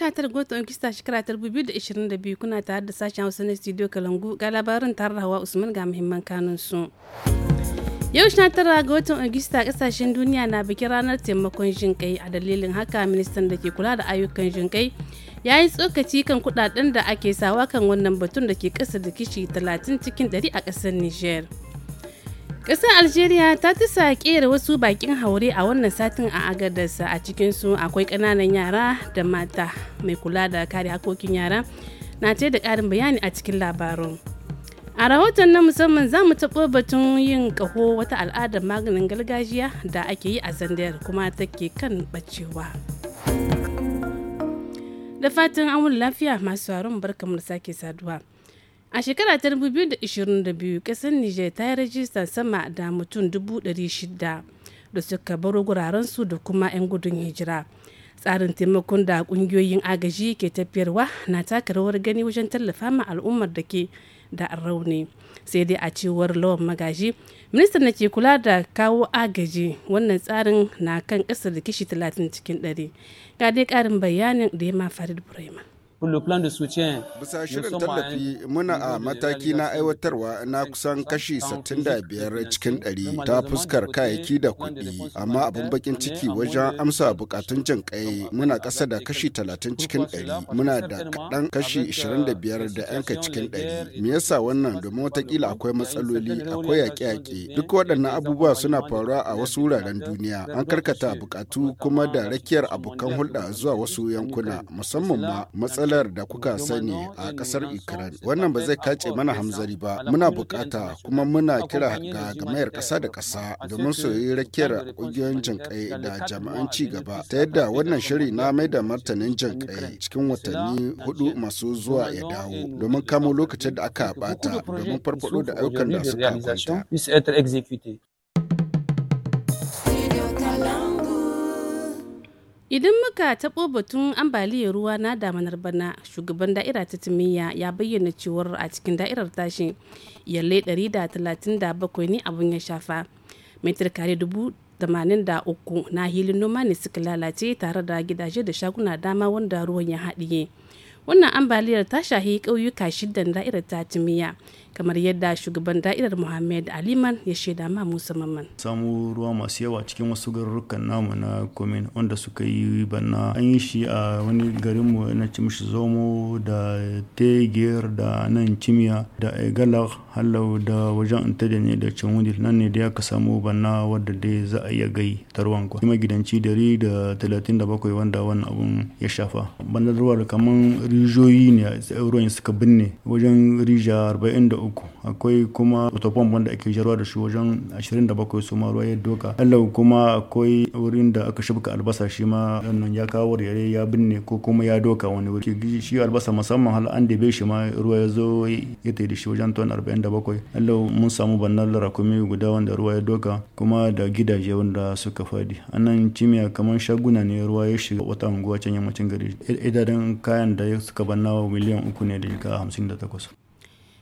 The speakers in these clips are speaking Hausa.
19 ga watan Ogista shekara 2022 kuna tare da sashen Hausa na Studio Kalangu ga labarin tare Hawa Usman ga muhimman kanun su. Yau 19 ga watan Ogista kasashen duniya na bikin ranar taimakon jinkai a dalilin haka ministan da ke kula da ayyukan jinkai ya yi tsokaci kan kudaden da ake sawa kan wannan batun da ke kasa da kishi 30 cikin 100 a kasar Niger. Ƙasar Algeria ta tisa ƙera wasu bakin haure a wannan satin a agadarsa a cikinsu akwai ƙananan yara da mata mai kula da kare hakokin yara na ce da ƙarin bayani a cikin labarin. A rahoton na musamman za mu taɓo batun yin ƙaho wata al'adar maganin gargajiya da ake yi a zandayar kuma take kan bacewa. Da fatan an lafiya masu barkamu da sake saduwa. A shekara ta 2022 kasar Nijar ta yi rajistar sama da mutum 600 da suka baro gurarensu da kuma 'yan gudun hijira. Tsarin taimakon da kungiyoyin agaji ke tafiyarwa na taka rawar gani wajen tallafa ma al'ummar da ke da rauni. Sai dai a cewar lawan magaji, ministan na ke kula da kawo agaji wannan tsarin na kan ƙasar da kishi 30 cikin 100. Ga dai ƙarin bayanin da ya ma Farid Burema. Bisa shirin tallafi muna a mataki na aiwatarwa na kusan kashi 65 cikin 100 ta fuskar kayayyaki da kuɗi, amma abin bakin ciki wajen amsa bukatun jin kai muna ƙasa da kashi 30 cikin 100 muna da kaɗan kashi 25 euh, da yanka cikin 100. Me yasa wannan domin watakila akwai matsaloli akwai yaƙe-yaƙe duk waɗannan abubuwa suna faruwa a wasu wuraren duniya an karkata bukatu kuma da rakiyar abokan hulɗa zuwa wasu yankuna musamman ma matsalar matsalar da kuka sani a kasar Ukraine. Wannan ba zai kace mana hamzari ba. Muna bukata kuma muna kira ga gamayar kasa da kasa domin su yi rakiyar ƙungiyoyin kai da jami'an ci gaba ta yadda wannan shiri na mai da martanin kai cikin watanni hudu masu zuwa ya dawo domin kamo lokacin da aka bata domin farfado da ayyukan da suka kwanta. idan muka taɓo batun ambaliyar ruwa na damanar bana shugaban da'ira ta timiyya ya bayyana cewar a cikin da'irar tashi yalle 137 ne abin ya shafa metar kare dubu na hilin noma ne suka lalace tare da gidaje da shaguna dama wanda ruwan ya haɗiye wannan ambaliyar ta shahi ƙauyuka shidan da'irar tatimiya kamar yadda shugaban da'irar muhammed aliman ya shaida ma musa mamman samu ruwa masu yawa cikin wasu garurrukan namu na komin wanda suka yi banna an yi shi a wani garin mu na cimshi zomo da tegir da nan cimiya da egalar halau da wajen intada ne da cimudil nan ne da ya ka samu banna wadda dai za a iya gai tarwan kwa kuma gidanci dari da talatin da bakwai wanda wannan abun ya shafa banna ruwa kamar rijiyoyi ne ruwan suka binne wajen rija 43 akwai kuma otopon wanda ake jarwa da shi wajen 27 su maruwa ya doka allau kuma akwai wurin da aka shibka albasa shi ma nan ya kawo yare ya binne ko kuma ya doka wani wuri shi albasa musamman hal an debe shi ma ruwa ya zo ya tayi da shi wajen ton 47 allau mun samu bannan rakumi guda wanda ruwa ya doka kuma da gidaje wanda suka fadi anan cimiya kamar shaguna ne ruwa ya shiga wata unguwa can yammacin gari idanun kayan da ya suka banna miliyan uku ne da jika hamsin da takwas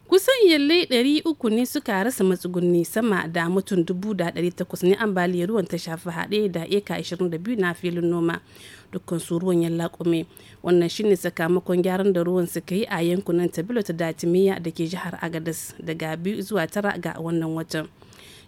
kusan yalle uku ne suka rasa matsugunni sama da mutum dubu da ɗari takwas ne ambaliyar ruwan ta shafi haɗe da eka 22 na filin noma dukkan su ruwan yalla kume wannan shine sakamakon gyaran da ruwan suka yi a yankunan tabilo ta datimiya da ke jihar agadas daga biyu zuwa tara ga wannan watan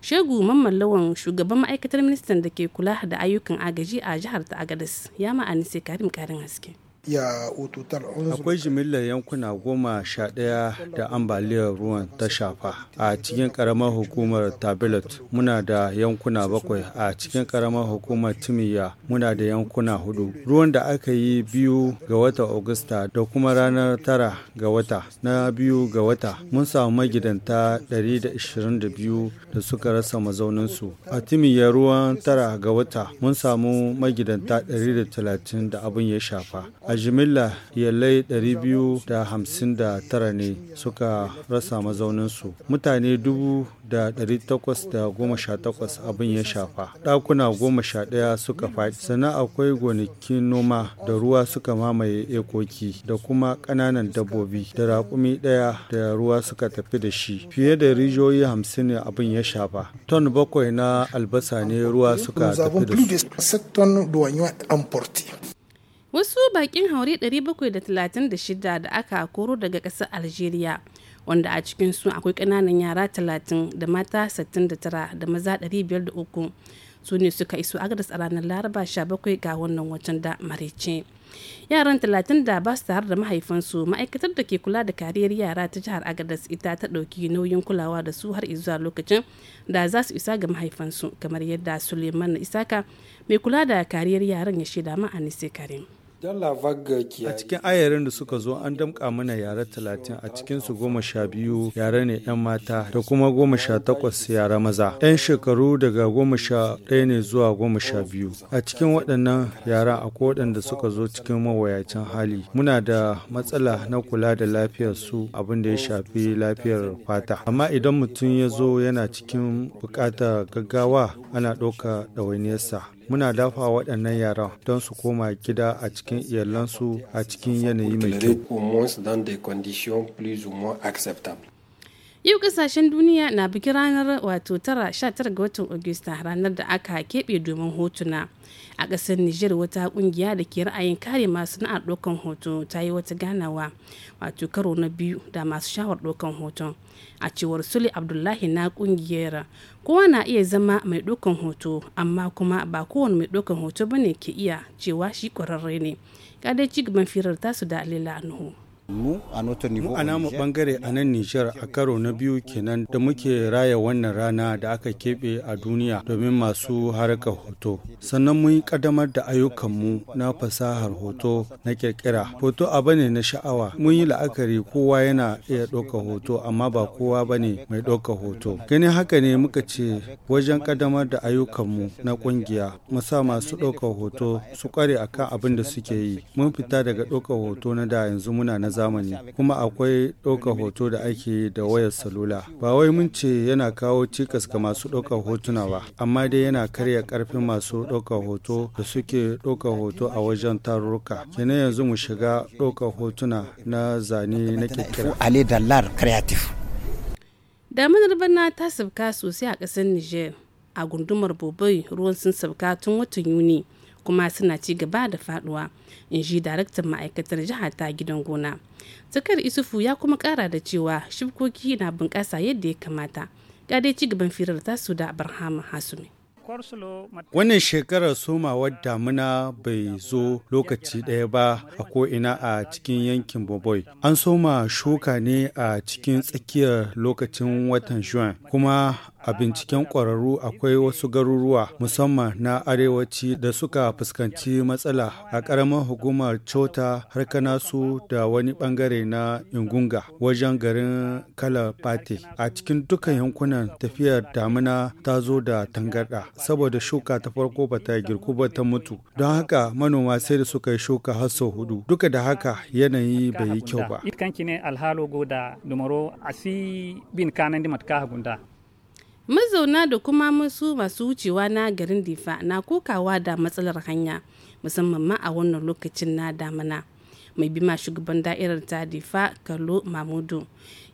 shegu mamman lawan shugaban ma'aikatar ministan da ke kula da ayyukan agaji a jihar ta agadas ya sai karim karin haske ya ototar akwai jimillar yankuna goma sha ɗaya da ambaliyar ruwan ta shafa a cikin ƙaramar hukumar tabilat muna da yankuna bakwai a cikin karamar hukumar timiya muna da yankuna hudu ruwan da aka yi biyu ga wata augusta da kuma ranar tara ga wata na biyu ga wata mun samu magidanta 122 da suka rasa mazauninsu a timiya ruwan tara ga wata mun samu magidanta 130 da abin ya shafa a jimilla yallai 259 ne suka rasa mazauninsu mutane 818 abin ya shafa ɗakuna 11 suka faɗi sannan akwai gonakin noma da ruwa suka mamaye ekoki da kuma ƙananan dabbobi da raƙumi ɗaya da ruwa suka tafi da shi fiye da rijiyoyi 50 ne abin ya shafa ton bakwai na albasa ne ruwa suka tafi da su wasu bakin haure 736 da aka koro daga ƙasar algeria wanda a cikin su akwai ƙananan yara 30 da mata 69 da maza 503 su ne suka iso agadas a ranar laraba 17 ga wannan watan da marice yaran 30 da ba su tare da mahaifansu ma'aikatar da ke kula da kariyar yara ta jihar agadas ita ta ɗauki nauyin kulawa da su har zuwa lokacin da za su isa ga mahaifansu kamar yadda suleiman isaka mai kula da kariyar yaran ya shaida ma anise karim A cikin ayarin da suka zo an damƙa mana yara talatin a cikinsu goma sha biyu yara ne 'yan mata da kuma goma sha takwas yara maza. 'Yan shekaru daga goma sha ɗaya ne zuwa goma sha biyu. A cikin waɗannan yara akwai waɗanda suka zo cikin mawayacin hali. Muna da matsala na kula da lafiyar su abin da ya shafi lafiyar fata. Amma idan mutum ya zo yana cikin buƙatar gaggawa ana ɗauka ɗawainiyarsa. muna dafa waɗannan yara don su koma gida a cikin iyalansu a cikin yanayi mai kyau. Yau kasashen duniya na bikin ranar wato tara sha tara ga watan Agusta ranar da aka keɓe domin hotuna. A ƙasar Nijar wata ƙungiya da ke ra'ayin kare masu na'ar ɗaukan hoto ta yi wata ganawa wato karo na biyu da masu shawar ɗaukan hoton. A cewar Sule Abdullahi na ƙungiyar kowa na iya zama mai ɗaukan hoto amma kuma ba kowane mai ɗaukan hoto bane ke iya cewa shi ƙwararre ne. Kadai ci gaban firar tasu da Alila Nuhu. mu a namu bangare a nan nijar a karo na biyu kenan da muke raya wannan rana da aka keɓe a duniya domin masu harkar hoto sannan mun yi ƙaddamar da ayyukanmu na fasahar hoto na kirkira hoto abu ne na sha'awa mun yi la'akari kowa yana iya ɗaukar hoto amma ba kowa bane mai ɗaukar hoto gani haka ne muka ce wajen ƙaddamar da ayyukanmu na ƙungiya mu sa masu ɗaukar hoto su ƙware akan abin da suke yi mun fita daga ɗaukar hoto na da yanzu muna na zamani kuma akwai ɗaukar hoto da ake da wayar salula ba wai mun ce yana kawo cikas ga masu ɗaukar hotuna ba amma dai yana karya ƙarfin masu ɗaukar hoto da suke ɗaukar hoto a wajen tarurruka kenan yanzu mu shiga ɗaukar hotuna na zane na kirkira damanar bana ta sabka sosai a ƙasar niger a gundumar bobai ruwan sun sabka tun watan yuni kuma suna ci gaba da faduwa in ji daraktan ma'aikatar jiha ta gidan gona zakar isufu ya kuma kara da cewa shibkoki na bunƙasa yadda ya kamata ga dai ci gaban firar su da abraham hasumi Wannan shekarar somawar damuna bai zo lokaci ɗaya ba a ko'ina a cikin yankin Boboi. An soma shuka ne a cikin tsakiyar lokacin watan Juan, kuma a binciken ƙwararru akwai wasu garuruwa musamman na arewaci da suka fuskanci matsala a karamar hukumar cota su da wani bangare na ingunga wajen garin kalapate a cikin dukkan yankunan tafiyar damina ta zo da tangarda saboda shuka ta farko bata ta girku ba ta mutu don haka manoma sai da suka yi shuka har sau hudu duka da haka yanayi bai yi kyau ba. mazauna da kuma masu masu wucewa na garin difa na kokawa da matsalar hanya musamman ma a wannan lokacin na damana mai bima shugaban da'irar ta difa kalo mamudu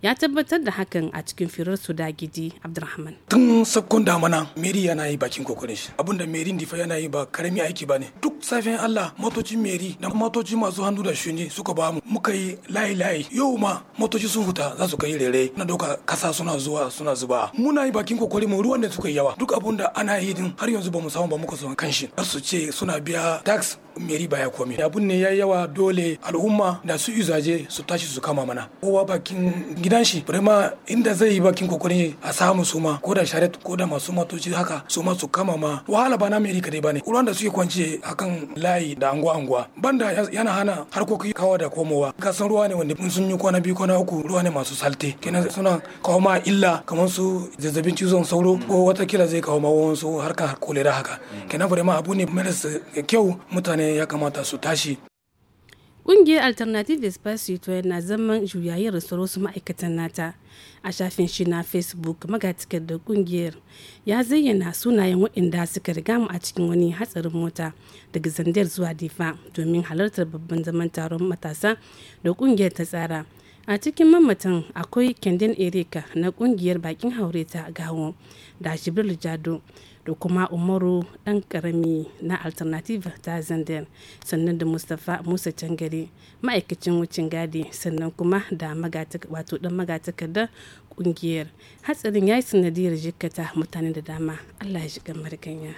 ya tabbatar da hakan a cikin firar su da gidi abdurrahman tun sakkon damana meri yana yi bakin kokarin shi abinda meri difa yana yi ba karami aiki ba ne duk safiyan allah motocin meri da motoci masu hannu da shuni suka ba mu muka yi layi layi yau ma motoci sun huta za su kai rere na doka kasa suna zuwa suna zuba muna yi bakin kokarin mu ruwan da suka yi yawa duk abinda ana yi din har yanzu ba mu samu ba muka son shi har su ce suna biya tax meri baya komai abun ne ya yawa dole al'umma da su izaje su tashi su kama mana kowa bakin gidan shi ma inda zai yi bakin kokarin a samu suma ko da sharet ko da masu motoci haka suma su kama ma wahala ba na Amerika ba ne. ruwan da suke kwance akan layi da angwa angwa banda yana hana harkokin kawo da komowa san ruwa ne wanda sun yi kwana biyu kwana uku ruwa ne masu salte kenan suna kawo ma illa kamar su zazzabin cizon sauro ko wata kila zai kawo ma wasu harka kolera haka kenan ma abu ne maras kyau mutane ya kamata su tashi Ƙungiyar Alternative Espace Citoyen na zaman juyayen rasuwar wasu ma'aikatan nata a shafin shi na Facebook magatakar da ƙungiyar ya zayyana sunayen waɗanda suka riga mu a cikin wani hatsarin mota daga Zandar zuwa Difa domin halartar babban zaman taron matasa da ƙungiyar ta tsara. a cikin mamatan akwai kendin erika na kungiyar bakin haure ta gawo da jibril jado da kuma umaru dan karami na alternative ta zandar sannan da mustapha musa cangare ma'aikacin wucin gadi sannan kuma da wato dan magatakardar kungiyar hatsarin ya yi sanadiyar jikata mutane da dama allah ya shiga mariganya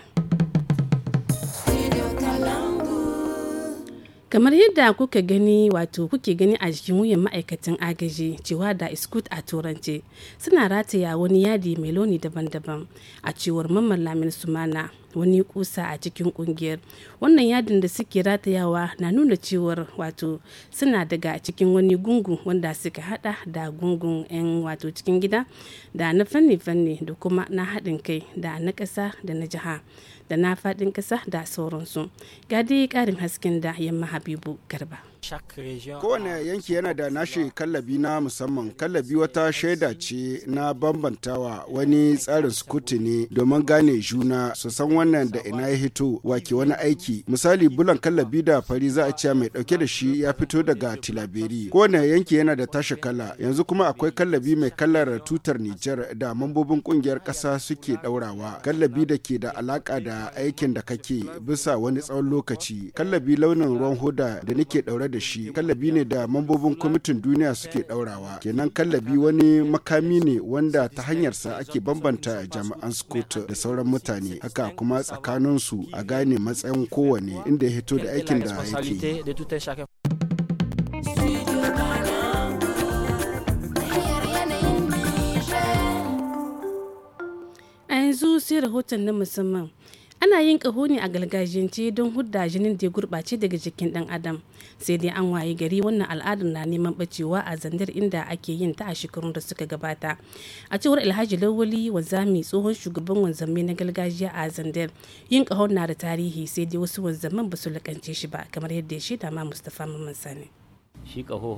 kamar yadda kuka gani wato kuke gani a jikin wuyan ma'aikatan agaji cewa da iskut a turance suna rataya wani yadi mai launi daban-daban a cewar mamman lamin sumana wani kusa a cikin kungiyar wannan yadin da suke ratayawa na nuna cewar wato suna daga cikin wani gungu wanda suka hada da gungun 'yan wato cikin gida da na fanni-fanni da kuma na haɗin kai da na ƙasa da na jiha da na faɗin ƙasa da sauransu ga dai ƙarin hasken da yamma habibu garba Kowane yanki yana da nashi kallabi na musamman. Kallabi wata shaida ce na bambantawa wani tsarin sukuti ne domin gane juna su san wannan da ina ya hito wake wani aiki. Misali bulan kallabi da fari za a ce mai dauke da shi ya fito daga Tilaberi. Kowane yanki yana da tashi kala. Yanzu kuma akwai kallabi mai kallar tutar Nijar da mambobin kungiyar kasa suke daurawa. Kallabi da ke da alaka da aikin da kake bisa wani tsawon lokaci. Kallabi launin ruwan hoda da nake daure da da shi kallabi ne da mambobin kwamitin duniya suke daurawa kenan kallabi wani makami ne wanda ta hanyarsa ake bambanta jami'an scott da sauran mutane haka kuma tsakanin su a gane matsayin kowane inda ya hito da aikin da yake a yanzu sai rahoton na musamman ana yin kaho ne a gargajiyance don hudda jinin da ya gurɓace daga jikin ɗan adam sai dai an waye gari wannan al'adar na neman bacewa a zandar inda ake yin ta a shekarun da suka gabata a cewar alhaji lawali wanzami tsohon shugaban wanzamai na gargajiya a zandar yin ƙaho na da tarihi sai dai wasu wanzaman ba su lakance shi ba kamar yadda ya shaida ma mustapha mamman sani shi ƙaho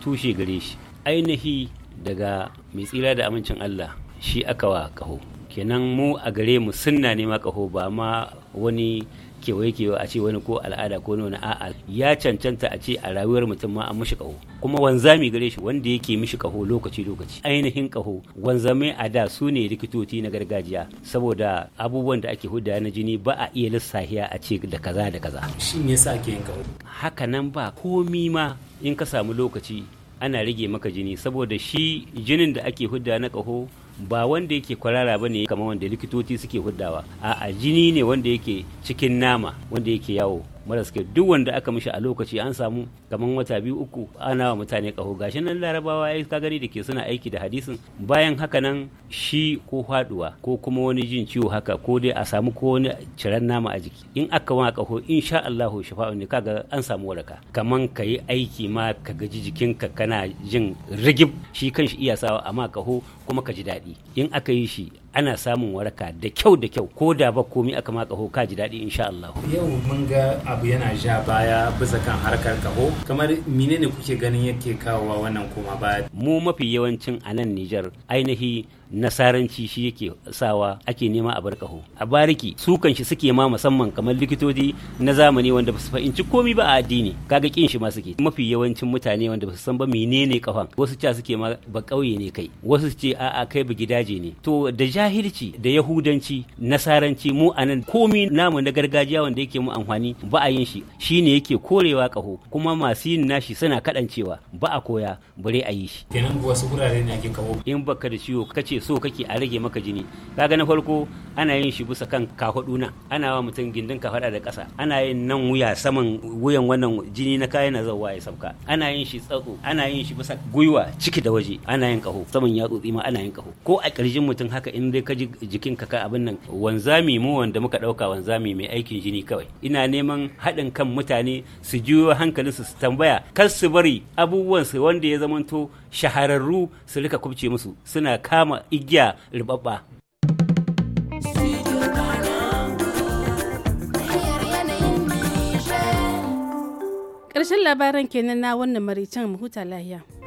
tushe gare shi ainihi daga mai tsira da amincin allah shi aka wa kaho. kenan mu a gare mu sunna ne makaho kaho ba ma wani kewaye kewa a ce wani ko al'ada ko wani a'a ya cancanta a ce a rayuwar mutum ma an mishi kaho kuma wanzami gare shi wanda yake mishi kaho lokaci lokaci ainihin kaho wanzame a da su ne likitoci na gargajiya saboda abubuwan da ake hudda na jini ba a iya lissahiya a ce da kaza da kaza shin sa ke yin kaho haka nan ba komi ma in ka samu lokaci ana rage maka jini saboda shi jinin da ake hudda na kaho ba wanda yake kwarara ba ne kamar wanda likitoci suke hudawa. a'a jini ne wanda yake cikin nama wanda yake yawo mara duk wanda aka mishi a lokaci an samu kaman wata biyu uku ana wa mutane kaho gashi nan larabawa ya ka gani da ke suna aiki da hadisin bayan haka nan shi ko faduwa ko kuma wani jin ciwo haka ko dai a samu ko wani ciran nama a jiki in aka wa kaho insha Allah shafa'u ne kaga an samu waraka kaman ka yi aiki ma ka gaji jikinka kana jin rigib shi kanshi iya sawa amma kaho kuma ka ji daɗi in aka yi shi ana samun waraka da kyau da kyau ko da ba komi aka ma kaho ka ji daɗi insha Allah. Yau mun ga abu yana ja baya bisa kan harkar kaho kamar menene kuke ganin yake kawowa wannan kuma ba. Mu mafi yawancin a nan Nijar ainihi nasaranci shi yake sawa ake nema a bar kaho a bariki su shi suke ma musamman kamar likitoci na zamani wanda ba su fahimci komi ba a addini kaga kin shi ma suke mafi yawancin mutane wanda ba san ba menene kafan wasu ca suke ma ba kauye ne kai wasu ce a a kai ba gidaje ne to da jahilci da yahudanci nasaranci mu anan komi namu na gargajiya wanda yake mu amfani ba a yin shi shine yake korewa kaho kuma masu yin nashi suna kadancewa ba a koya bare a yi shi kenan wasu gurare ne ake kawo in baka da ciwo kace so kake a rage maka jini kaga na farko ana yin shi bisa kan kafaɗu na ana wa mutum gindin faɗa da kasa ana yin nan wuya saman wuyan wannan jini na kayan na zawa ya sauka ana yin shi tsako ana yin shi bisa gwiwa ciki da waje ana yin kaho saman yatsotsi ma ana yin kaho ko a ƙirjin mutum haka in dai ka ji jikin ka abin nan wanzami mu wanda muka ɗauka wanzami mai aikin jini kawai ina neman haɗin kan mutane su juyo hankalinsu su tambaya kar su bari abubuwan su wanda ya zamanto shahararru su rika kubce musu suna kama igiya rubabba ƙarshen labaran kenan na wannan maricin huta lahiya